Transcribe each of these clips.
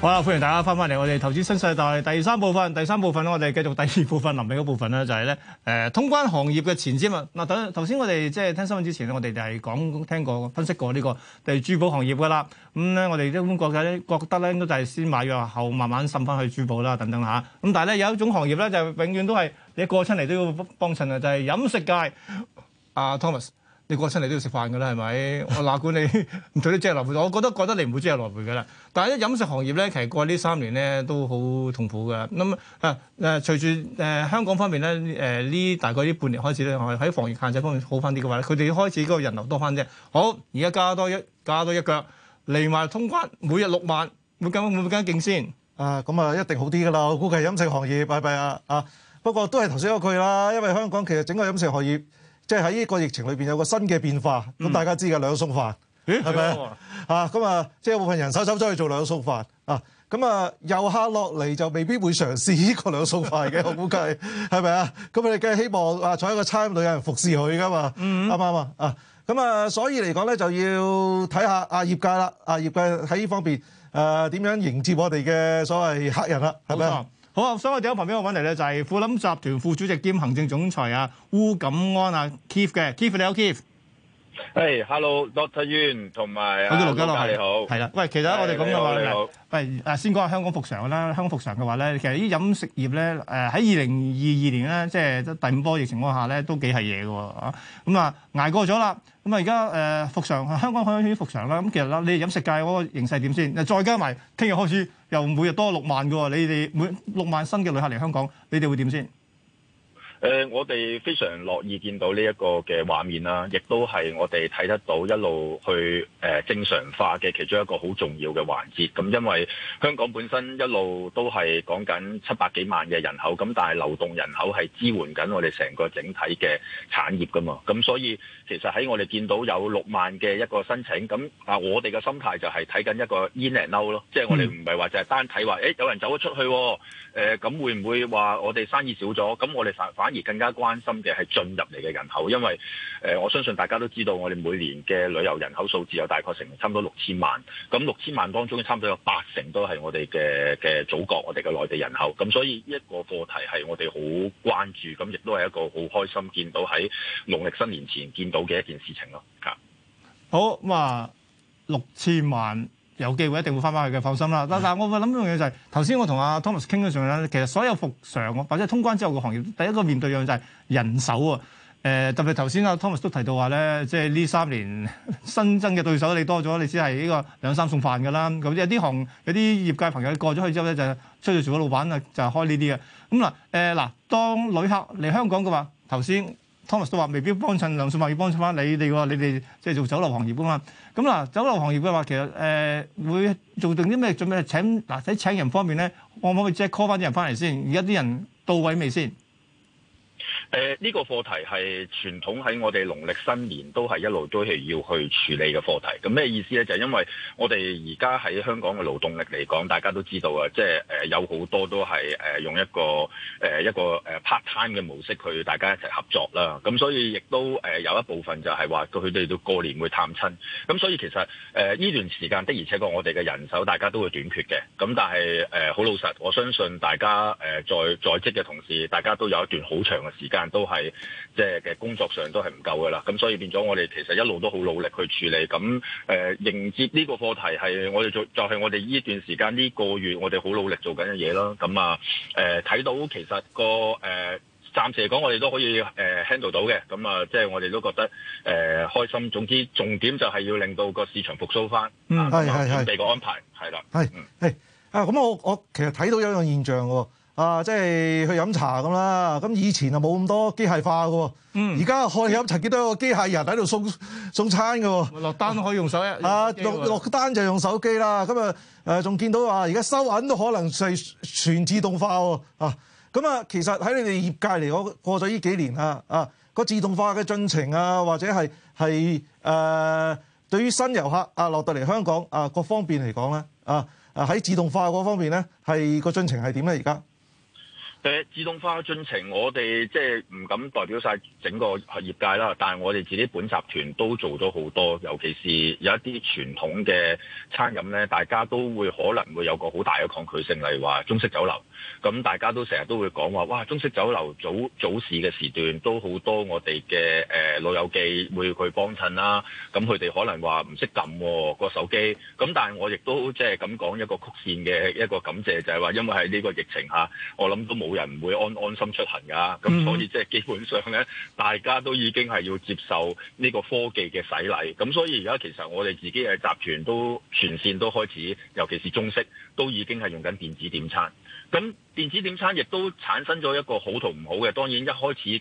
好啦，歡迎大家翻翻嚟，我哋投資新世代第三部分，第三部分咧，我哋繼續第二部分，臨尾嗰部分咧，就係、是、咧，誒、呃，通關行業嘅前瞻啊！嗱，頭先我哋即係聽新聞之前咧，我哋就係講聽過，聽過分析過呢、這個第、就是、珠寶行業噶啦，咁、嗯、咧我哋都覺得覺得咧，應該就係先買藥後慢慢滲翻去珠寶啦，等等吓。咁、啊、但係咧有一種行業咧，就是、永遠都係你過親嚟都要幫襯啊，就係、是、飲食界。阿、啊、Thomas。你過親嚟都要食飯嘅啦，係咪？我哪管你唔做啲即日來回。我覺得我覺得你唔會即日來回嘅啦。但係一飲食行業咧，其實過呢三年咧都好痛苦嘅。咁啊誒，隨、呃、住、呃、香港方面咧呢、呃、大概呢半年開始咧，喺防疫限制方面好翻啲嘅話佢哋要開始嗰個人流多翻啫。好，而家加多一加多一腳，嚟埋通關，每日六萬，會更會更勁先啊！咁啊，一定好啲㗎啦。我估計飲食行業，拜拜啊啊！不過都係頭先嗰句啦，因為香港其實整個飲食行業。即係喺呢個疫情裏面有個新嘅變化，咁、嗯、大家知㗎。兩餸飯，係咪啊？咁啊，即係部分人收手咗去做兩餸飯啊。咁啊，遊客落嚟就未必會嘗試呢個兩餸飯嘅， 我估計係咪啊？咁我哋梗係希望啊，坐喺一個餐館有人服侍佢噶嘛，啱啱啊？啊，咁啊，所以嚟講咧，就要睇下阿業界啦，阿、啊、業界喺呢方面誒點、啊、樣迎接我哋嘅所謂客人啦，係咪啊？好啊，所以我哋喺旁邊嘅問題咧，就係富臨集團副主席兼行政總裁啊，鄔錦安啊，Keith 嘅，Keith 你好，Keith。係，hello Doctor Yuen 同埋阿劉家樂，你好，係啦。喂，其實我哋咁嘅話咧，喂，啊先講下香港復常啦。香港復常嘅話咧，其實啲飲食業咧，誒喺二零二二年咧，即係第五波疫情嗰下咧，都幾係嘢嘅。啊，咁啊，捱過咗啦。咁啊，而家誒復常，香港開始復常啦。咁其實啦，你哋飲食界嗰個形勢點先？嗱，再加埋聽日開始，又每日多六萬嘅喎。你哋每六萬新嘅旅客嚟香港，你哋會點先？誒、呃，我哋非常樂意見到呢一個嘅畫面啦、啊，亦都係我哋睇得到一路去誒、呃、正常化嘅其中一個好重要嘅環節。咁、嗯、因為香港本身一路都係講緊七百幾萬嘅人口，咁、嗯、但係流動人口係支援緊我哋成個整體嘅產業㗎嘛，咁、嗯、所以。其實喺我哋見到有六萬嘅一個申請，咁啊，我哋嘅心態就係睇緊一個 in and out 咯，即係我哋唔係話就係單睇話，誒有人走咗出去，喎、呃，咁會唔會話我哋生意少咗？咁我哋反反而更加關心嘅係進入嚟嘅人口，因為誒、呃、我相信大家都知道，我哋每年嘅旅遊人口數字有大概成差唔多六千萬，咁六千萬當中差唔多有八成都係我哋嘅嘅祖國，我哋嘅內地人口，咁所以一個個題係我哋好關注，咁亦都係一個好開心見到喺農曆新年前見到。好嘅一件事情咯、哦，吓好咁啊、嗯、六千萬有機會一定會返返去嘅，放心啦。嗱嗱，但我諗一樣嘢就係頭先我同阿 Thomas 傾咗上去啦。其實所有復常，或者通關之後嘅行業，第一個面對上就係人手啊。誒、呃，特別頭先阿 Thomas 都提到話咧，即係呢三年新增嘅對手你多咗，你只係呢個兩三餸飯噶啦。咁即有啲行有啲業界朋友過咗去之後咧，就出去做咗老闆啊，就係開呢啲嘅。咁、嗯、嗱，誒、呃、嗱，當旅客嚟香港嘅話，頭先。Thomas 都話未必幫襯，林淑華要幫襯翻你哋，你哋即係做酒樓行業啊嘛。咁嗱，酒樓行業嘅話，其實誒、呃、會做定啲咩準備？請嗱喺請人方面咧，我可唔可以即係 call 翻啲人翻嚟先？而家啲人到位未先？誒、這、呢個課題係傳統喺我哋農曆新年都係一路都係要去處理嘅課題。咁咩意思呢？就係、是、因為我哋而家喺香港嘅勞動力嚟講，大家都知道啊，即、就、係、是、有好多都係用一個一個 part time 嘅模式去大家一齊合作啦。咁所以亦都有一部分就係話佢哋到過年會探親。咁所以其實誒呢、呃、段時間的而且確我哋嘅人手大家都會短缺嘅。咁但係好、呃、老實，我相信大家、呃、在在職嘅同事，大家都有一段好長嘅時間。但都係即係嘅工作上都係唔夠噶啦，咁所以變咗我哋其實一路都好努力去處理，咁誒、呃、迎接呢個課題係我哋做就係我哋呢段時間呢、這個月我哋好努力做緊嘅嘢啦，咁啊誒睇到其實個誒暫、呃、時嚟講我哋都可以誒、呃、handle 到嘅，咁啊、呃、即係我哋都覺得誒、呃、開心。總之重點就係要令到個市場復甦翻。嗯，係係係，準備個安排係啦，係，係啊，咁、嗯、我我其實睇到有一個現象喎。啊，即係去飲茶咁啦。咁以前啊冇咁多機械化嘅，嗯。而家去飲茶見到有個機械人喺度送送餐嘅，落單都可以用手。啊，落落單就用手機啦。咁啊，誒仲見到話而家收銀都可能係全自動化喎。啊，咁啊，其實喺你哋業界嚟講，過咗呢幾年啊，啊個自動化嘅進程啊，或者係係誒對於新遊客啊落到嚟香港啊，各方面嚟講咧，啊啊喺自動化嗰方面咧，係個進程係點咧而家？誒自動化進程，我哋即係唔敢代表晒整個業界啦。但係我哋自己本集團都做咗好多，尤其是有一啲傳統嘅餐飲呢，大家都會可能會有個好大嘅抗拒性。例如話中式酒樓，咁大家都成日都會講話，哇！中式酒樓早早市嘅時段都好多我哋嘅、呃、老友記會去幫襯啦。咁佢哋可能話唔識撳個手機，咁但係我亦都即係咁講一個曲線嘅一個感謝，就係話因為喺呢個疫情下，我諗都冇。冇人唔會安安心出行㗎，咁所以即係基本上咧，大家都已經係要接受呢個科技嘅洗禮。咁所以而家其實我哋自己嘅集團都全線都開始，尤其是中式，都已經係用緊電子點餐。咁電子點餐亦都產生咗一個好同唔好嘅，當然一開始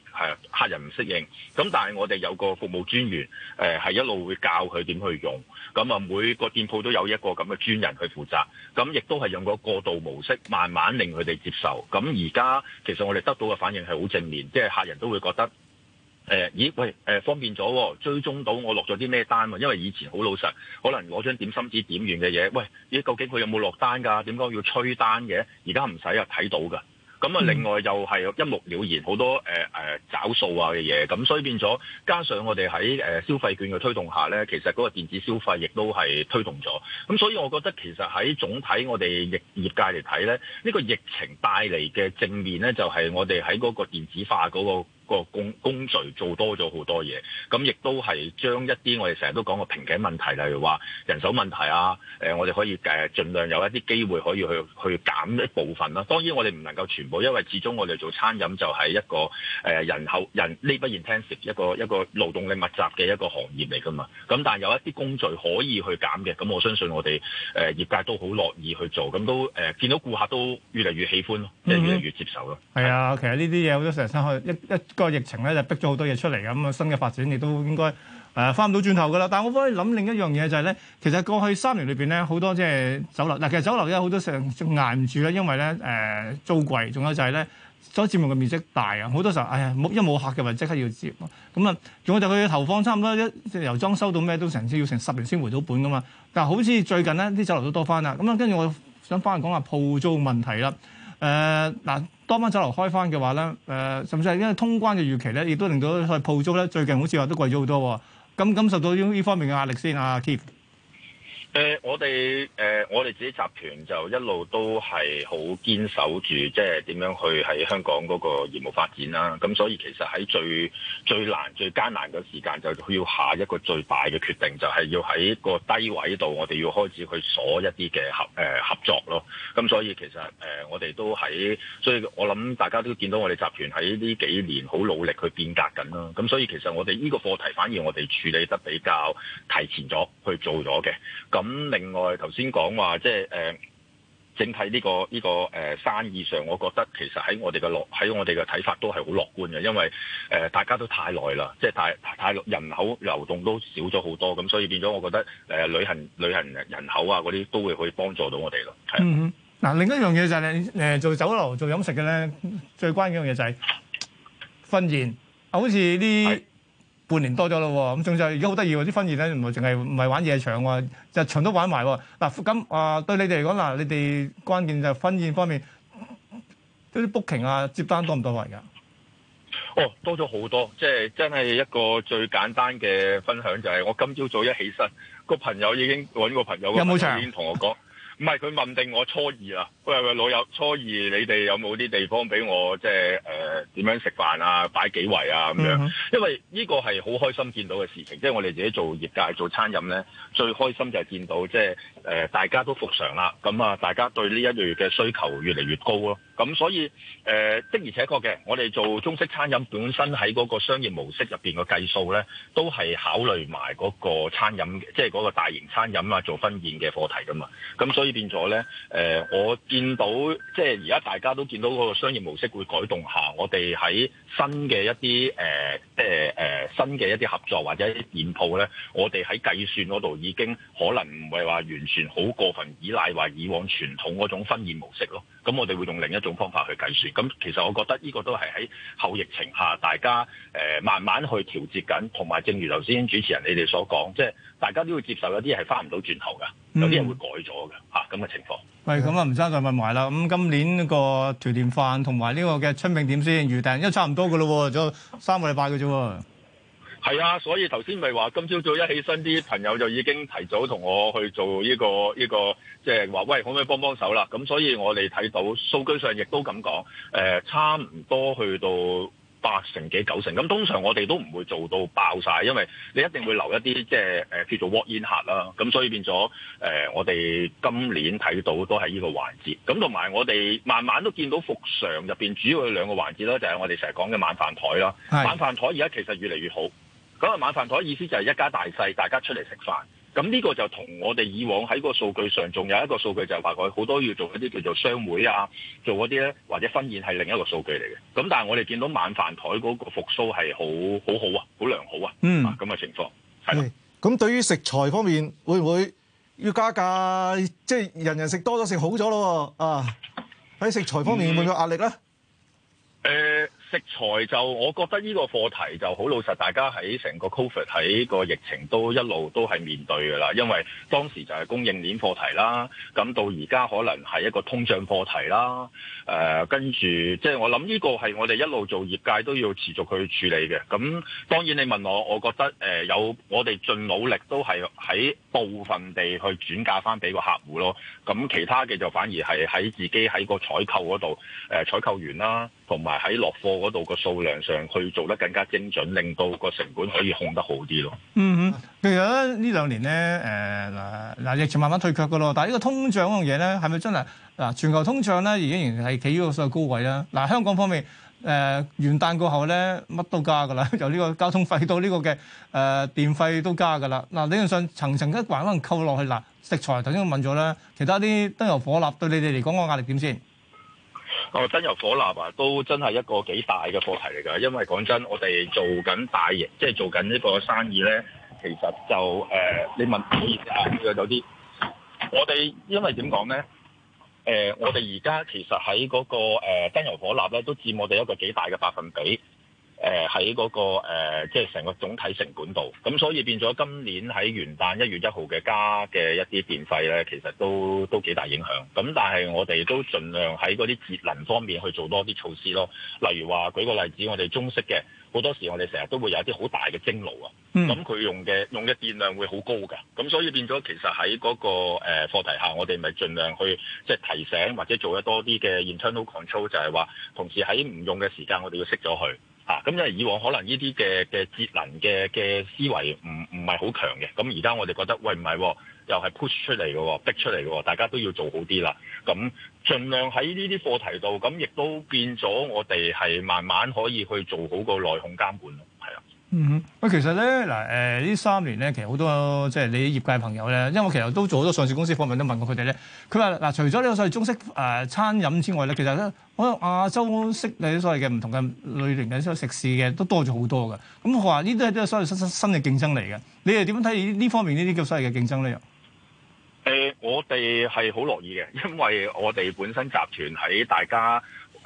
客人唔適應，咁但係我哋有個服務專員誒，係一路會教佢點去用，咁啊，每個店鋪都有一個咁嘅專人去負責，咁亦都係用個過渡模式慢慢令佢哋接受，咁而家其實我哋得到嘅反應係好正面，即係客人都會覺得。誒，咦？喂，誒，方便咗，追蹤到我落咗啲咩單喎？因為以前好老實，可能攞張點心紙點完嘅嘢，喂，咦？究竟佢有冇落單㗎？點解要催單嘅，而家唔使啊，睇到㗎。咁啊，另外又係一目了然，好多誒誒、呃、找數啊嘅嘢。咁所以變咗，加上我哋喺消費券嘅推動下呢，其實嗰個電子消費亦都係推動咗。咁所以我覺得其實喺總體我哋業界嚟睇呢，呢、這個疫情帶嚟嘅正面呢，就係我哋喺嗰個電子化嗰、那個。個工工序做多咗好多嘢，咁亦都係將一啲我哋成日都講嘅瓶頸問題，例如話人手問題啊、呃，我哋可以誒盡量有一啲機會可以去去減一部分啦。當然我哋唔能夠全部，因為始終我哋做餐飲就係一個誒人口人呢 labor intensive 一個一個勞動力密集嘅一個行業嚟㗎嘛。咁但係有一啲工序可以去減嘅，咁我相信我哋誒、呃、業界都好樂意去做，咁都誒、呃、見到顧客都越嚟越喜歡咯，即係越嚟越接受咯。係、mm-hmm. 啊，其實呢啲嘢好多成日一一。一個疫情咧就逼咗好多嘢出嚟嘅，咁啊新嘅發展亦都應該誒翻唔到轉頭噶啦。但係我可以諗另一樣嘢就係、是、咧，其實過去三年裏邊咧好多即係酒樓，嗱其實酒樓咧好多成捱唔住咧，因為咧誒、呃、租貴，仲有就係、是、咧所佔用嘅面積大啊，好多時候哎呀冇一冇客嘅話即刻要接咯，咁啊仲有就佢嘅投放差唔多一由裝修到咩都成，要成十年先回到本噶嘛。但係好似最近咧啲酒樓都多翻啦，咁啊跟住我想翻嚟講下鋪租問題啦，誒、呃、嗱。呃多班酒樓開翻嘅話咧，誒、呃，甚至係因為通關嘅預期咧，亦都令到去鋪租咧最近好似話都貴咗好多喎。咁感受到呢呢方面嘅壓力先啊，Keith。誒、呃，我哋誒、呃，我哋自己集團就一路都係好堅守住，即係點樣去喺香港嗰個業務發展啦、啊。咁所以其實喺最最難、最艱難嘅時間，就要下一個最大嘅決定，就係、是、要喺一個低位度，我哋要開始去鎖一啲嘅合誒、呃、合作咯。咁所以其實誒、呃，我哋都喺，所以我諗大家都見到我哋集團喺呢幾年好努力去變革緊啦。咁所以其實我哋呢個課題反而我哋處理得比較提前咗去做咗嘅。咁另外，頭先講話即係誒整體呢個呢個誒生意上，我覺得其實喺我哋嘅落喺我哋嘅睇法都係好樂觀嘅，因為誒大家都太耐啦，即係太太人口流動都少咗好多，咁所以變咗，我覺得誒旅行旅行人口啊嗰啲都會可以幫助到我哋咯。嗯嗯，嗱另一樣嘢就係誒做酒樓做飲食嘅咧，最關鍵嘅嘢就係婚宴，好似啲。半年多咗咯喎，咁仲就而家好得意喎，啲婚宴咧唔係淨係唔係玩夜場喎，日場都玩埋喎。嗱咁啊對你哋嚟講嗱，你哋關鍵就係婚宴方面，即係啲 booking 啊接單多唔多埋㗎？哦，多咗好多，即係真係一個最簡單嘅分享就係我今朝早一起身，個朋友已經揾個朋友，有冇場同我講？ 唔係佢問定我初二啦，喂喂，老友，初二你哋有冇啲地方俾我，即係誒點樣食飯啊，擺幾圍啊咁樣？Mm-hmm. 因為呢個係好開心見到嘅事情，即係我哋自己做業界做餐飲咧，最開心就係見到即係誒大家都復常啦，咁啊，大家對呢一類嘅需求越嚟越高咯。咁所以誒、呃、的而且確嘅，我哋做中式餐飲本身喺嗰個商業模式入面個計數咧，都係考慮埋嗰個餐飲，即係嗰個大型餐飲啊，做婚宴嘅課題噶嘛。咁所以呢變咗咧，誒、呃，我見到即係而家大家都見到嗰個商業模式會改動下。下、呃，我哋喺新嘅一啲誒，即係誒新嘅一啲合作或者一啲店鋪，咧，我哋喺計算嗰度已經可能唔係話完全好過分依賴話以往傳統嗰種分店模式咯。咁我哋會用另一種方法去計算。咁其實我覺得呢個都係喺後疫情下，大家誒、呃、慢慢去調節緊，同埋正如頭先主持人你哋所講，即係大家都會接受有啲係翻唔到轉頭㗎，有啲人會改咗嘅嚇咁嘅情況。嗯、喂，咁啊，吳生再問埋啦。咁今年個團年飯同埋呢個嘅春茗點先預訂？因為差唔多㗎咯喎，仲有三個禮拜嘅啫喎。係啊，所以頭先咪話今朝早一起身，啲朋友就已經提早同我去做呢個呢個，即係話喂，可唔可以幫幫手啦？咁所以我哋睇到數據上亦都咁講，誒、呃、差唔多去到八成幾、九成。咁通常我哋都唔會做到爆晒，因為你一定會留一啲即係誒叫做 walk-in 客啦。咁所以變咗誒、呃，我哋今年睇到都係呢個環節。咁同埋我哋慢慢都見到復常入面主要有兩個環節啦，就係、是、我哋成日講嘅晚飯台啦。晚飯台而家其實越嚟越好。咁啊，晚飯台意思就係一家大細，大家出嚟食飯。咁呢個就同我哋以往喺個數據上，仲有一個數據就係話佢好多要做一啲叫做商會啊，做嗰啲咧或者婚宴係另一個數據嚟嘅。咁但係我哋見到晚飯台嗰個復甦係好好好啊，好良好啊，嗯、啊咁嘅情況。係。咁對於食材方面，會唔會要加價？即係人人食多咗，食好咗咯喎。啊喺食材方面會唔會有壓力咧。嗯呃食材就，我覺得呢個課題就好老實，大家喺成個 Covid 喺個疫情都一路都係面對噶啦。因為當時就係供應鏈課題啦，咁到而家可能係一個通脹課題啦。誒、呃，跟住即係我諗呢個係我哋一路做業界都要持續去處理嘅。咁當然你問我，我覺得誒、呃、有我哋盡努力都係喺部分地去轉嫁翻俾個客戶咯。咁其他嘅就反而係喺自己喺個採購嗰度誒，採購員啦。同埋喺落貨嗰度個數量上，去做得更加精準，令到個成本可以控得好啲咯。嗯嗯，其實呢兩年咧，誒嗱嗱疫情慢慢退卻噶咯，但係呢個通脹嗰樣嘢咧，係咪真係嗱全球通脹咧，已經仍然係企於個最高位啦。嗱、啊、香港方面，誒、呃、元旦過後咧，乜都加噶啦，由呢個交通費到呢個嘅誒、呃、電費都加噶啦。嗱、啊、理論上層層一環可能扣落去嗱食材。頭先問咗啦，其他啲燈油火蠟對你哋嚟講個壓力點先？哦，燈油火蠟啊，都真係一個幾大嘅課題嚟㗎。因為講真，我哋做緊大型，即係做緊呢個生意咧，其實就誒、呃，你問思啊，呢個有啲。我哋因為點講咧？誒、呃，我哋而家其實喺嗰、那個誒、呃、燈油火蠟咧，都佔我哋一個幾大嘅百分比。誒喺嗰個即係成個總體成本度，咁所以變咗今年喺元旦一月一號嘅加嘅一啲電費咧，其實都都幾大影響。咁但係我哋都盡量喺嗰啲節能方面去做多啲措施咯。例如話，舉個例子，我哋中式嘅好多時，我哋成日都會有啲好大嘅蒸爐啊，咁、嗯、佢用嘅用嘅電量會好高㗎。咁所以變咗，其實喺嗰個誒課題下，我哋咪盡量去即係、就是、提醒或者做得多啲嘅 internal control，就係話同時喺唔用嘅時間，我哋要熄咗佢。啊！咁因為以往可能呢啲嘅嘅節能嘅嘅思維唔唔係好強嘅，咁而家我哋覺得喂，唔係，又係 push 出嚟嘅，逼出嚟嘅，大家都要做好啲啦。咁盡量喺呢啲課題度，咁亦都變咗我哋係慢慢可以去做好個內控監管。嗯哼，喂，其實咧嗱，誒、呃、呢三年咧，其實好多即係你業界嘅朋友咧，因為我其實都做好多上市公司訪問，都問過佢哋咧。佢話嗱，除咗呢個所謂中式誒、呃、餐飲之外咧，其實咧，我亞洲式你所謂嘅唔同嘅類型嘅所謂食肆嘅都多咗好多嘅。咁話呢啲係都係所謂新新嘅競爭嚟嘅。你哋點樣睇呢方面呢啲叫所謂嘅競爭咧？誒、呃，我哋係好樂意嘅，因為我哋本身集團喺大家，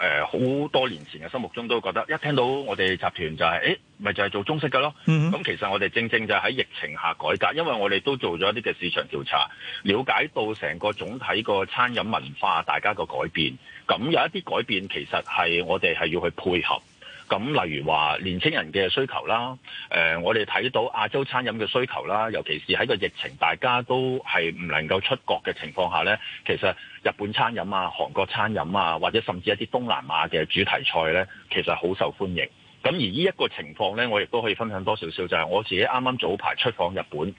誒好多年前嘅心目中都覺得，一聽到我哋集團就係，誒咪就係做中式嘅咯。咁其實我哋正正就喺疫情下改革，因為我哋都做咗一啲嘅市場調查，了解到成個總體個餐飲文化大家個改變。咁有一啲改變，其實係我哋係要去配合。咁例如話年青人嘅需求啦，誒、呃，我哋睇到亞洲餐飲嘅需求啦，尤其是喺個疫情大家都係唔能夠出國嘅情況下呢。其實日本餐飲啊、韓國餐飲啊，或者甚至一啲東南亞嘅主題菜呢，其實好受歡迎。咁而呢一個情況呢，我亦都可以分享多少少，就係、是、我自己啱啱早排出訪日本，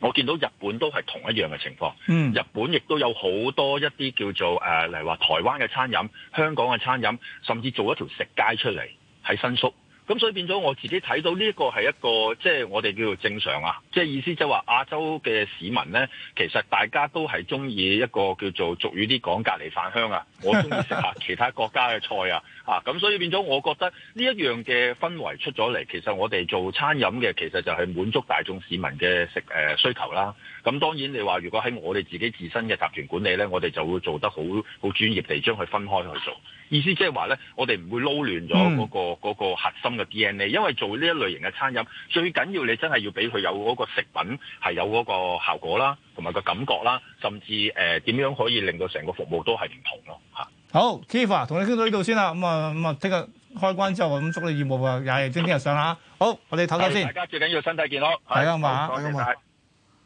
我見到日本都係同一樣嘅情況。嗯，日本亦都有好多一啲叫做誒，例如話台灣嘅餐飲、香港嘅餐飲，甚至做一條食街出嚟。喺新宿。咁所以變咗我自己睇到呢一個係一個即係我哋叫做正常啊，即係意思即係話亞洲嘅市民咧，其實大家都係中意一個叫做俗語啲講隔離飯香啊，我中意食下其他國家嘅菜啊， 啊咁所以變咗我覺得呢一樣嘅氛圍出咗嚟，其實我哋做餐飲嘅其實就係滿足大眾市民嘅食誒、呃、需求啦。咁當然你話如果喺我哋自己自身嘅集團管理咧，我哋就會做得好好專業地將佢分開去做。意思即係話咧，我哋唔會撈亂咗嗰個嗰、嗯嗰個核心。個 DNA，因為做呢一類型嘅餐飲，最緊要你真係要俾佢有嗰個食品係有嗰個效果啦，同埋個感覺啦，甚至誒點、呃、樣可以令到成個服務都係唔同咯吓。好，Kifa，同你傾到呢度先啦。咁啊咁啊，聽日開關之後咁，我祝你業務啊，蒸蒸日上吓。好，我哋唞唞先。大家最緊要身體健康。係啊嘛。好、啊，